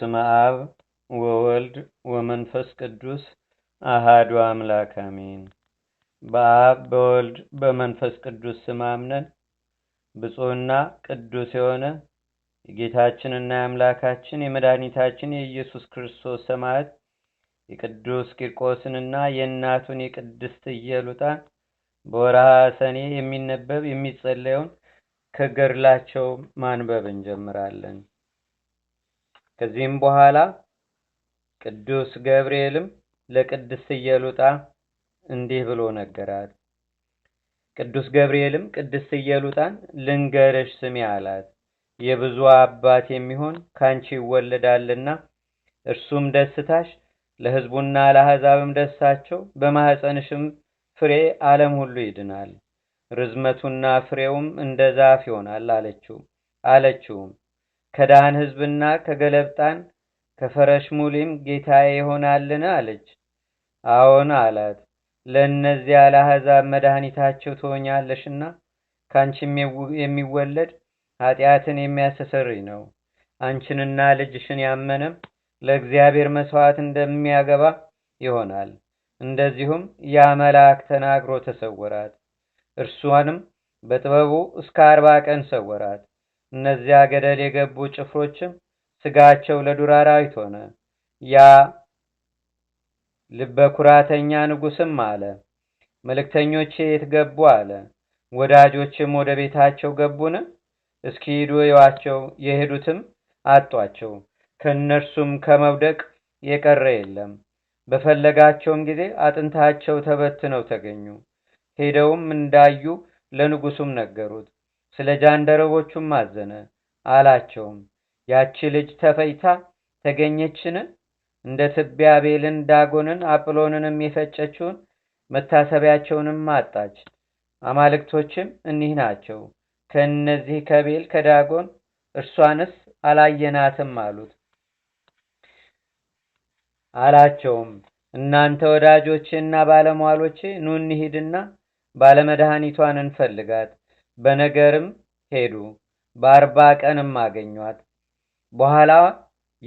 በስመ አብ ወወልድ ወመንፈስ ቅዱስ አሃዱ አምላክ አሜን። በአብ በወልድ በመንፈስ ቅዱስ ስም አምነን ብፁዕና ቅዱስ የሆነ የጌታችንና የአምላካችን የመድኃኒታችን የኢየሱስ ክርስቶስ ሰማዕት የቅዱስ ቂርቆስንና የእናቱን የቅድስት ኢየሉጣን በወርሃ ሰኔ የሚነበብ የሚጸለየውን ከገድላቸው ማንበብ እንጀምራለን። ከዚህም በኋላ ቅዱስ ገብርኤልም ለቅድስት ኢየሉጣ እንዲህ ብሎ ነገራት። ቅዱስ ገብርኤልም ቅድስት ኢየሉጣን ልንገርሽ ስም አላት። የብዙ አባት የሚሆን ካንቺ ይወለዳልና እርሱም ደስታሽ ለሕዝቡና ለአሕዛብም ደስታቸው በማኅፀንሽም ፍሬ ዓለም ሁሉ ይድናል። ርዝመቱና ፍሬውም እንደ ዛፍ ይሆናል አለችውም። ከዳን ህዝብና ከገለብጣን ከፈረሽ ሙሊም ጌታዬ ይሆናልን? አለች። አዎን አላት። ለእነዚያ ለአሕዛብ መድኃኒታቸው ትሆኛለሽና ከአንቺም የሚወለድ ኃጢአትን የሚያስተሰርይ ነው። አንቺንና ልጅሽን ያመነም ለእግዚአብሔር መሥዋዕት እንደሚያገባ ይሆናል። እንደዚሁም ያ መልአክ ተናግሮ ተሰወራት። እርሷንም በጥበቡ እስከ አርባ ቀን ሰወራት። እነዚያ ገደል የገቡ ጭፍሮችም ስጋቸው ለዱር አራዊት ሆነ። ያ ልበ ኩራተኛ ንጉስም አለ፣ መልእክተኞቼ የት ገቡ አለ። ወዳጆችም ወደ ቤታቸው ገቡን? እስኪ ሂዱ እዩዋቸው። የሄዱትም አጧቸው። ከእነርሱም ከመውደቅ የቀረ የለም። በፈለጋቸውም ጊዜ አጥንታቸው ተበትነው ተገኙ። ሄደውም እንዳዩ ለንጉሱም ነገሩት። ስለ ጃንደረቦቹም አዘነ፣ አላቸውም ያቺ ልጅ ተፈይታ ተገኘችን? እንደ ትቢያ ቤልን፣ ዳጎንን፣ አጵሎንንም የፈጨችውን መታሰቢያቸውንም አጣች። አማልክቶችም እኒህ ናቸው፣ ከእነዚህ ከቤል ከዳጎን እርሷንስ አላየናትም አሉት። አላቸውም እናንተ ወዳጆቼና ባለሟሎቼ ኑ እንሂድና ባለመድኃኒቷን እንፈልጋት በነገርም ሄዱ። በአርባ ቀንም አገኟት። በኋላ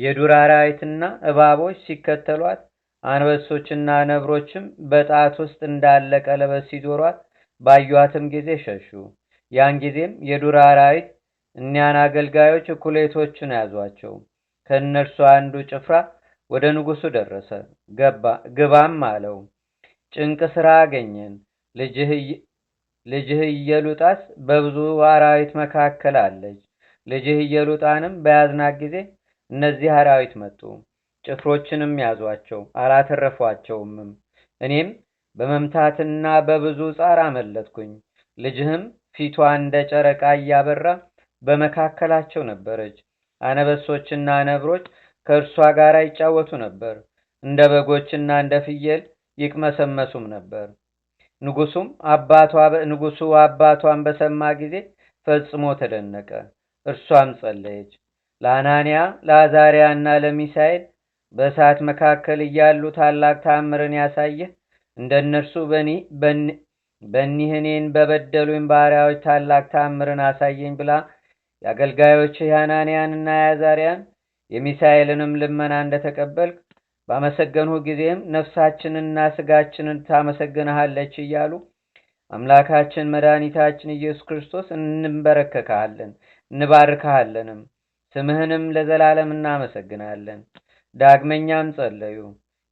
የዱር አራዊትና እባቦች ሲከተሏት፣ አንበሶችና ነብሮችም በጣት ውስጥ እንዳለ ቀለበት ሲዞሯት ባዩዋትም ጊዜ ሸሹ። ያን ጊዜም የዱር አራዊት እኒያን አገልጋዮች እኩሌቶቹን ያዟቸው። ከእነርሱ አንዱ ጭፍራ ወደ ንጉሱ ደረሰ፣ ግባም አለው። ጭንቅ ስራ አገኘን፣ ልጅህ ኢየሉጣስ በብዙ አራዊት መካከል አለች። ልጅህ ኢየሉጣንም በያዝናት ጊዜ እነዚህ አራዊት መጡ፣ ጭፍሮችንም ያዟቸው፣ አላተረፏቸውምም። እኔም በመምታትና በብዙ ጻር አመለጥኩኝ። ልጅህም ፊቷ እንደ ጨረቃ እያበራ በመካከላቸው ነበረች። አነበሶችና ነብሮች ከእርሷ ጋር ይጫወቱ ነበር፣ እንደ በጎችና እንደ ፍየል ይቅመሰመሱም ነበር። ንጉሱም አባቷ ንጉሱ አባቷን በሰማ ጊዜ ፈጽሞ ተደነቀ። እርሷም ጸለየች። ለአናንያ ለአዛሪያ እና ለሚሳኤል በእሳት መካከል እያሉ ታላቅ ታምርን ያሳየህ እንደ እነርሱ በኒህ እኔን በበደሉኝ ባሪያዎች ታላቅ ታምርን አሳየኝ ብላ የአገልጋዮች የአናንያንና የአዛሪያን የሚሳኤልንም ልመና እንደተቀበልክ ባመሰገንሁ ጊዜም ነፍሳችንንና ስጋችንን ታመሰግንሃለች እያሉ አምላካችን መድኃኒታችን ኢየሱስ ክርስቶስ እንበረከካለን እንባርካሃለንም ስምህንም ለዘላለም እናመሰግናለን። ዳግመኛም ጸለዩ።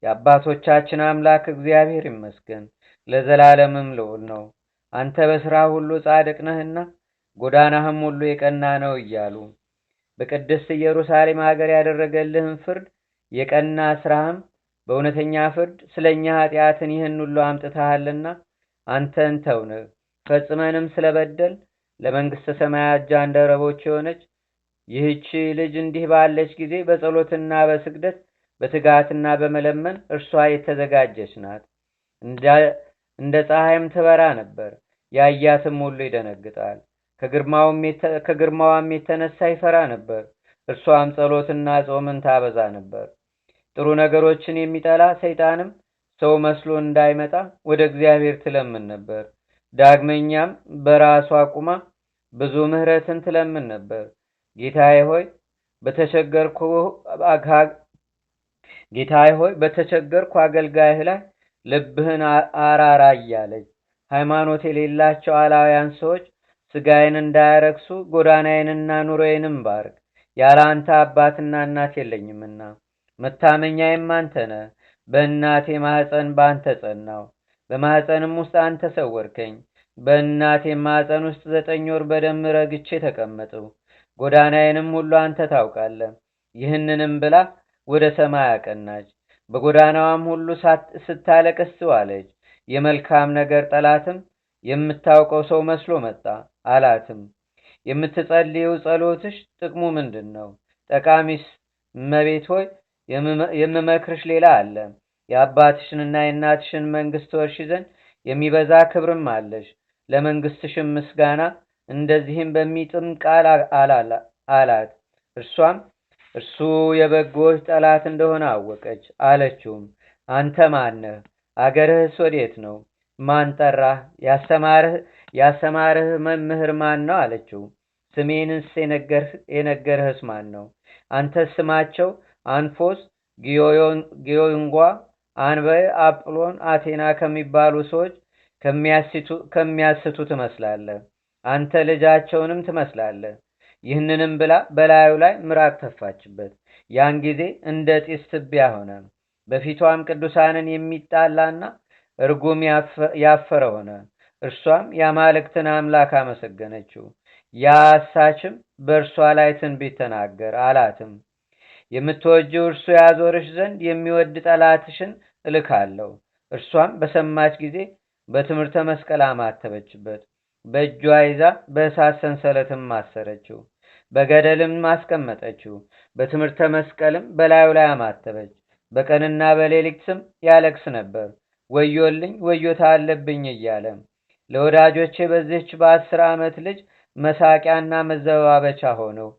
የአባቶቻችን አምላክ እግዚአብሔር ይመስገን፣ ለዘላለምም ልዑል ነው። አንተ በሥራ ሁሉ ጻድቅ ነህና ጎዳናህም ሁሉ የቀና ነው እያሉ በቅድስት ኢየሩሳሌም አገር ያደረገልህን ፍርድ የቀና ስራህም በእውነተኛ ፍርድ ስለ እኛ ኃጢአትን ይህን ሁሉ አምጥተሃልና አንተን ተውንህ። ፈጽመንም ስለበደል ለመንግሥተ ሰማያት ጃንደረቦች የሆነች ይህች ልጅ እንዲህ ባለች ጊዜ በጸሎትና በስግደት በትጋትና በመለመን እርሷ የተዘጋጀች ናት። እንደ ፀሐይም ትበራ ነበር። ያያትም ሁሉ ይደነግጣል። ከግርማዋም የተነሳ ይፈራ ነበር። እርሷም ጸሎትና ጾምን ታበዛ ነበር። ጥሩ ነገሮችን የሚጠላ ሰይጣንም ሰው መስሎ እንዳይመጣ ወደ እግዚአብሔር ትለምን ነበር። ዳግመኛም በራሷ ቁማ ብዙ ምሕረትን ትለምን ነበር። ጌታዬ ሆይ ጌታዬ ሆይ በተቸገርኩ አገልጋይህ ላይ ልብህን አራራ እያለች ሃይማኖት የሌላቸው አላውያን ሰዎች ስጋዬን እንዳያረክሱ ጎዳናዬንና ኑሮዬንም ባርክ፣ ያለ አንተ አባትና እናት የለኝምና መታመኛዬም አንተ ነህ። በእናቴ ማኅፀን በአንተ ጸናው፣ በማኅፀንም ውስጥ አንተ ሰወርከኝ። በእናቴ ማኅፀን ውስጥ ዘጠኝ ወር በደም ረግቼ ተቀመጥሁ። ጎዳናዬንም ሁሉ አንተ ታውቃለህ። ይህንንም ብላ ወደ ሰማይ አቀናች። በጎዳናዋም ሁሉ ስታለቅስ ዋለች። የመልካም ነገር ጠላትም የምታውቀው ሰው መስሎ መጣ። አላትም የምትጸልየው ጸሎትሽ ጥቅሙ ምንድን ነው? ጠቃሚስ እመቤት ሆይ የምመክርሽ ሌላ አለ። የአባትሽንና የእናትሽን መንግስት ወርሽ ዘንድ የሚበዛ ክብርም አለሽ፣ ለመንግሥትሽም ምስጋና። እንደዚህም በሚጥም ቃል አላት። እርሷም እርሱ የበጎች ጠላት እንደሆነ አወቀች። አለችውም አንተ ማነህ? አገርህስ ወዴት ነው? ማን ጠራህ? ያሰማርህ መምህር ማን ነው? አለችው። ስሜንስ የነገርህስ ማን ነው? አንተ ስማቸው አንፎስ፣ ጊዮንጓ፣ አንበይ፣ አጵሎን፣ አቴና ከሚባሉ ሰዎች ከሚያስቱ ትመስላለህ። አንተ ልጃቸውንም ትመስላለህ። ይህንንም ብላ በላዩ ላይ ምራቅ ተፋችበት። ያን ጊዜ እንደ ጢስ ትቢያ ሆነ። በፊቷም ቅዱሳንን የሚጣላና እርጉም ያፈረ ሆነ። እርሷም የአማልክትን አምላክ አመሰገነችው። ያ አሳችም በእርሷ ላይ ትንቢት ተናገር አላትም። የምትወጀው እርሱ ያዞርሽ ዘንድ የሚወድ ጠላትሽን እልካለሁ። እርሷም በሰማች ጊዜ በትምህርተ መስቀል አማተበችበት፣ በእጇ ይዛ በእሳት ሰንሰለትም ማሰረችው በገደልም አስቀመጠችው። በትምህርተ መስቀልም በላዩ ላይ አማተበች። በቀንና በሌሊትም ያለቅስ ነበር፣ ወዮልኝ ወዮታ አለብኝ እያለ ለወዳጆቼ በዚህች በአስር ዓመት ልጅ መሳቂያና መዘባበቻ ሆነው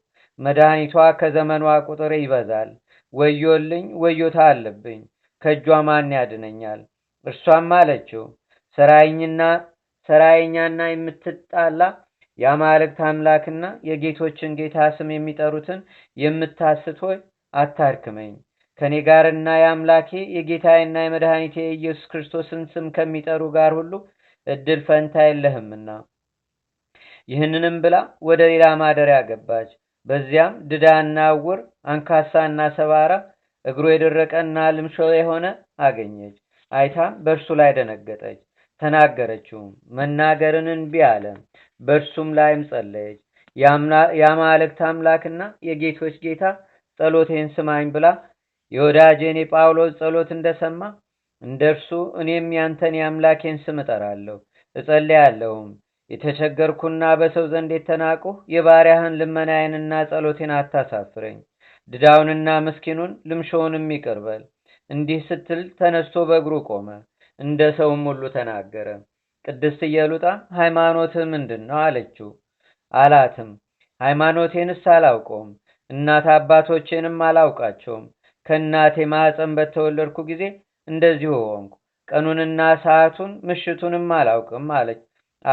መድኃኒቷ ከዘመኗ ቁጥር ይበዛል። ወዮልኝ ወዮታ አለብኝ፣ ከእጇ ማን ያድነኛል? እርሷም አለችው ሰራይኝና ሰራይኛና የምትጣላ የአማልክት አምላክና የጌቶችን ጌታ ስም የሚጠሩትን የምታስት ሆይ አታርክመኝ። ከእኔ ጋርና የአምላኬ የጌታዬና የመድኃኒቴ የኢየሱስ ክርስቶስን ስም ከሚጠሩ ጋር ሁሉ እድል ፈንታ የለህምና። ይህንንም ብላ ወደ ሌላ ማደሪያ ገባች። በዚያም ድዳና ዕውር፣ አንካሳና ሰባራ፣ እግሩ የደረቀና ልምሾ የሆነ አገኘች። አይታም በእርሱ ላይ ደነገጠች፣ ተናገረችውም። መናገርን እንቢ አለ። በእርሱም ላይም ጸለየች። የአማልክት አምላክና የጌቶች ጌታ ጸሎቴን ስማኝ ብላ የወዳጄን የጳውሎስ ጸሎት እንደሰማ እንደ እርሱ እኔም ያንተን የአምላኬን ስም እጠራለሁ እጸልያለሁም የተቸገርኩና በሰው ዘንድ የተናቁሁ የባሪያህን ልመናዬንና ጸሎቴን አታሳፍረኝ። ድዳውንና ምስኪኑን ልምሾውንም ይቅርበል። እንዲህ ስትል ተነስቶ በእግሩ ቆመ፣ እንደ ሰውም ሁሉ ተናገረ። ቅድስት እየሉጣ ሃይማኖትህ ምንድን ነው አለችው። አላትም ሃይማኖቴንስ አላውቀውም፣ እናት አባቶቼንም አላውቃቸውም። ከእናቴ ማዕፀን በተወለድኩ ጊዜ እንደዚሁ ሆንኩ። ቀኑንና ሰዓቱን ምሽቱንም አላውቅም አለች።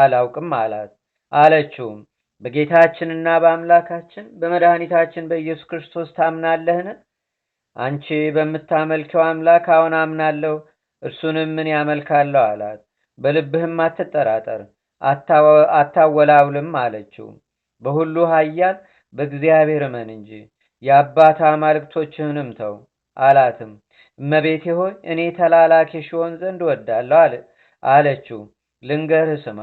አላውቅም አላት። አለችውም በጌታችንና በአምላካችን በመድኃኒታችን በኢየሱስ ክርስቶስ ታምናለህን? አንቺ በምታመልከው አምላክ አሁን አምናለሁ፣ እርሱንም ምን ያመልካለሁ አላት። በልብህም አትጠራጠር አታወላውልም አለችው። በሁሉ ኃያል በእግዚአብሔር እመን እንጂ የአባት አማልክቶችህንም ተው አላትም። እመቤቴ ሆይ እኔ ተላላኪ ሽሆን ዘንድ ወዳለሁ አለችው። ልንገርህ ስማ፣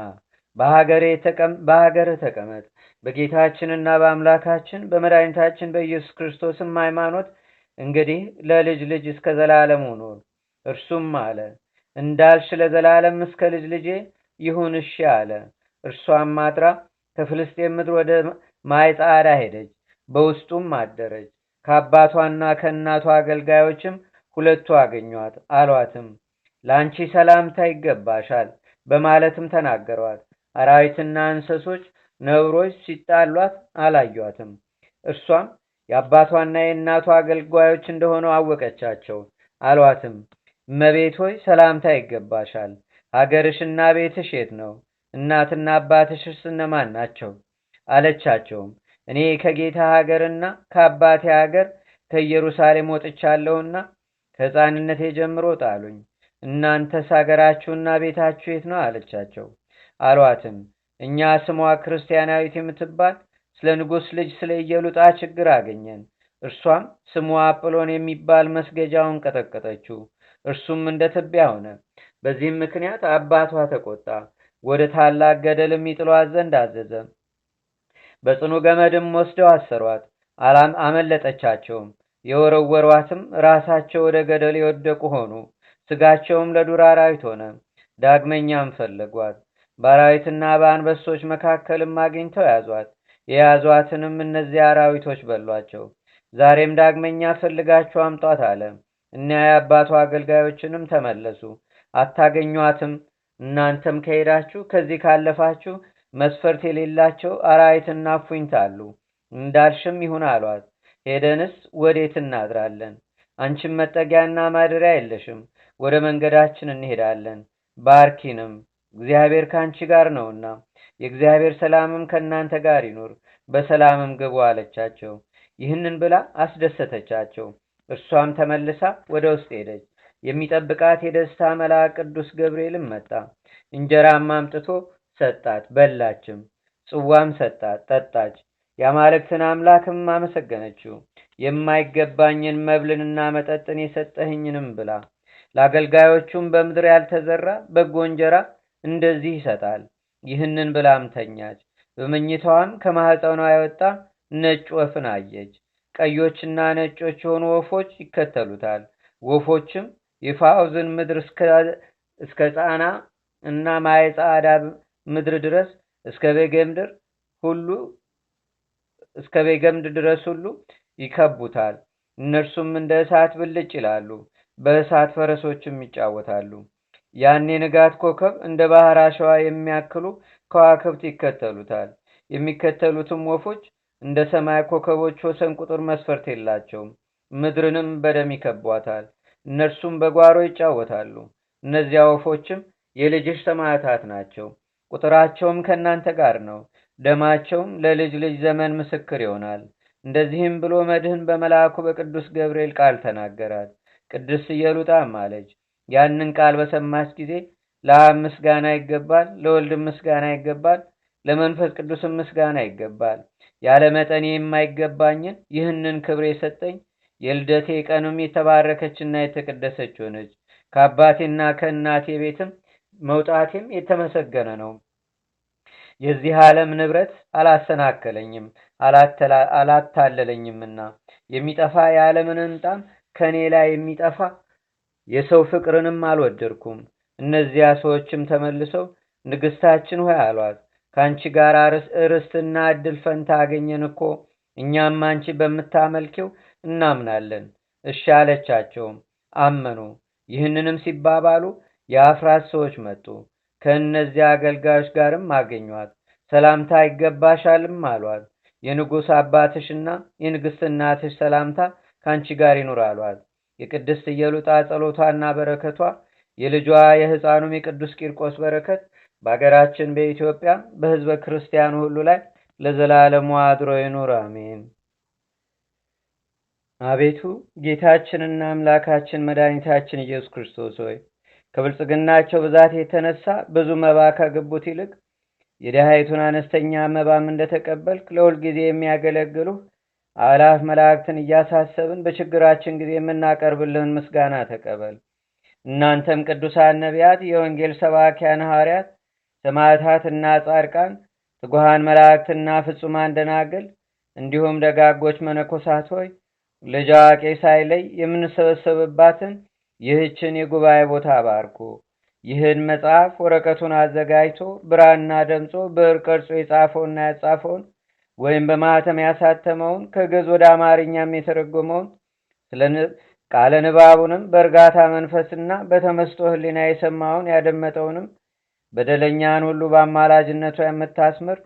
በሀገርህ ተቀመጥ። በጌታችንና በአምላካችን በመድኃኒታችን በኢየሱስ ክርስቶስም ሃይማኖት እንግዲህ ለልጅ ልጅ እስከ ዘላለሙ ኑር። እርሱም አለ እንዳልሽ ለዘላለም እስከ ልጅ ልጄ ይሁን እሺ አለ። እርሷም አጥራ ከፍልስጤም ምድር ወደ ማይጻራ ሄደች፣ በውስጡም አደረች። ከአባቷና ከእናቷ አገልጋዮችም ሁለቱ አገኟት፣ አሏትም ለአንቺ ሰላምታ ይገባሻል በማለትም ተናገሯት። አራዊትና እንሰሶች ነብሮች ሲጣሏት አላዩአትም። እርሷም የአባቷና የእናቷ አገልጋዮች እንደሆኑ አወቀቻቸው። አሏትም፣ እመቤት ሆይ ሰላምታ ይገባሻል። ሀገርሽና ቤትሽ የት ነው? እናትና አባትሽስ እነማን ናቸው? አለቻቸውም፣ እኔ ከጌታ ሀገርና ከአባቴ ሀገር ከኢየሩሳሌም ወጥቻለሁና ከሕፃንነቴ ጀምሮ ጣሉኝ እናንተስ አገራችሁና ቤታችሁ የት ነው አለቻቸው አሏትም እኛ ስሟ ክርስቲያናዊት የምትባል ስለ ንጉሥ ልጅ ስለ እየሉጣ ችግር አገኘን እርሷም ስሙ አጵሎን የሚባል መስገጃውን ቀጠቀጠችው እርሱም እንደ ትቢያ ሆነ በዚህም ምክንያት አባቷ ተቆጣ ወደ ታላቅ ገደልም ይጥሏት ዘንድ አዘዘ በጽኑ ገመድም ወስደው አሰሯት አመለጠቻቸውም የወረወሯትም ራሳቸው ወደ ገደል የወደቁ ሆኑ ስጋቸውም ለዱር አራዊት ሆነ። ዳግመኛም ፈለጓት፣ በአራዊትና በአንበሶች መካከልም አግኝተው ያዟት። የያዟትንም እነዚያ አራዊቶች በሏቸው። ዛሬም ዳግመኛ ፈልጋችሁ አምጧት አለ። እኒያ የአባቱ አገልጋዮችንም ተመለሱ፣ አታገኟትም። እናንተም ከሄዳችሁ ከዚህ ካለፋችሁ መስፈርት የሌላቸው አራዊትና ፉኝት አሉ፣ እንዳልሽም ይሁን አሏት። ሄደንስ ወዴት እናድራለን? አንቺም መጠጊያና ማደሪያ የለሽም። ወደ መንገዳችን እንሄዳለን። ባርኪንም፣ እግዚአብሔር ከአንቺ ጋር ነውና፣ የእግዚአብሔር ሰላምም ከእናንተ ጋር ይኑር፣ በሰላምም ግቡ አለቻቸው። ይህንን ብላ አስደሰተቻቸው። እርሷም ተመልሳ ወደ ውስጥ ሄደች። የሚጠብቃት የደስታ መልአክ ቅዱስ ገብርኤልም መጣ። እንጀራም አምጥቶ ሰጣት፣ በላችም። ጽዋም ሰጣት፣ ጠጣች። የአማልክትን አምላክም አመሰገነችው። የማይገባኝን መብልንና መጠጥን የሰጠህኝንም ብላ ለአገልጋዮቹም በምድር ያልተዘራ በጎ እንጀራ እንደዚህ ይሰጣል። ይህንን ብላም ተኛች። በመኝታዋም ከማኅፀኗ ያወጣ ነጭ ወፍን አየች። ቀዮችና ነጮች የሆኑ ወፎች ይከተሉታል። ወፎችም የፋውዝን ምድር እስከ ጻና እና አዳብ ምድር ድረስ እስከ ቤገምድር ሁሉ እስከ ቤገምድ ድረስ ሁሉ ይከቡታል። እነርሱም እንደ እሳት ብልጭ ይላሉ። በእሳት ፈረሶችም ይጫወታሉ። ያኔ ንጋት ኮከብ እንደ ባህር አሸዋ የሚያክሉ ከዋክብት ይከተሉታል። የሚከተሉትም ወፎች እንደ ሰማይ ኮከቦች ወሰን ቁጥር መስፈርት የላቸውም። ምድርንም በደም ይከቧታል። እነርሱም በጓሮ ይጫወታሉ። እነዚያ ወፎችም የልጅሽ ሰማዕታት ናቸው። ቁጥራቸውም ከእናንተ ጋር ነው። ደማቸውም ለልጅ ልጅ ዘመን ምስክር ይሆናል። እንደዚህም ብሎ መድህን በመልአኩ በቅዱስ ገብርኤል ቃል ተናገራት። ቅድስት ኢየሉጣም አለች። ያንን ቃል በሰማች ጊዜ ለአብ ምስጋና ይገባል፣ ለወልድም ምስጋና ይገባል፣ ለመንፈስ ቅዱስም ምስጋና ይገባል። ያለ መጠኔ የማይገባኝን ይህንን ክብር የሰጠኝ የልደቴ ቀኑም የተባረከችና የተቀደሰች ሆነች። ከአባቴና ከእናቴ ቤትም መውጣቴም የተመሰገነ ነው። የዚህ ዓለም ንብረት አላሰናከለኝም አላታለለኝምና የሚጠፋ የዓለምን እንጣም ከእኔ ላይ የሚጠፋ የሰው ፍቅርንም አልወደድኩም። እነዚያ ሰዎችም ተመልሰው ንግሥታችን ሆይ አሏት፣ ከአንቺ ጋር ርስትና እድል ፈንታ አገኘን እኮ እኛም አንቺ በምታመልኪው እናምናለን። እሺ አለቻቸውም፣ አመኑ። ይህንንም ሲባባሉ የአፍራት ሰዎች መጡ። ከእነዚያ አገልጋዮች ጋርም አገኟት። ሰላምታ ይገባሻልም አሏት። የንጉሥ አባትሽና የንግሥት እናትሽ ሰላምታ ከአንቺ ጋር ይኑር አሏት። የቅድስት ኢየሉጣ ጸሎቷና በረከቷ የልጇ የሕፃኑም የቅዱስ ቂርቆስ በረከት በአገራችን በኢትዮጵያ በሕዝበ ክርስቲያኑ ሁሉ ላይ ለዘላለሙ አድሮ ይኑር፣ አሜን። አቤቱ ጌታችንና አምላካችን መድኃኒታችን ኢየሱስ ክርስቶስ ሆይ ከብልጽግናቸው ብዛት የተነሳ ብዙ መባ ከግቡት ይልቅ የድሃይቱን አነስተኛ መባም እንደተቀበልክ ለሁልጊዜ የሚያገለግሉህ አእላፍ መላእክትን እያሳሰብን በችግራችን ጊዜ የምናቀርብልህን ምስጋና ተቀበል። እናንተም ቅዱሳን ነቢያት፣ የወንጌል ሰባኪያን ሐዋርያት፣ ሰማዕታትና ጻድቃን፣ ትጉሃን መላእክትና ፍጹማን ደናግል እንዲሁም ደጋጎች መነኮሳት ሆይ ልጅ አዋቂ ሳይለይ የምንሰበሰብባትን ይህችን የጉባኤ ቦታ ባርኩ። ይህን መጽሐፍ ወረቀቱን አዘጋጅቶ ብራና ደምጾ ብዕር ቀርጾ የጻፈውና ያጻፈውን ወይም በማህተም ያሳተመውን ከገዝ ወደ አማርኛም የተረጎመውን ስለ ቃለ ንባቡንም በእርጋታ መንፈስና በተመስጦ ህሊና የሰማውን ያደመጠውንም በደለኛን ሁሉ በአማላጅነቷ የምታስምር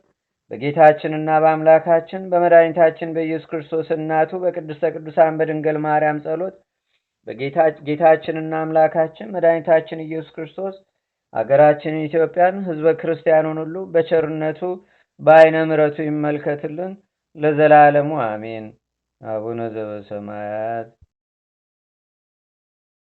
በጌታችንና በአምላካችን በመድኃኒታችን በኢየሱስ ክርስቶስ እናቱ በቅድስተ ቅዱሳን በድንገል ማርያም ጸሎት በጌታችንና አምላካችን መድኃኒታችን ኢየሱስ ክርስቶስ አገራችን ኢትዮጵያን ህዝበ ክርስቲያኑን ሁሉ በቸርነቱ በአይነ ምሕረቱ ይመልከትልን ለዘላለሙ አሜን። አቡነ ዘበሰማያት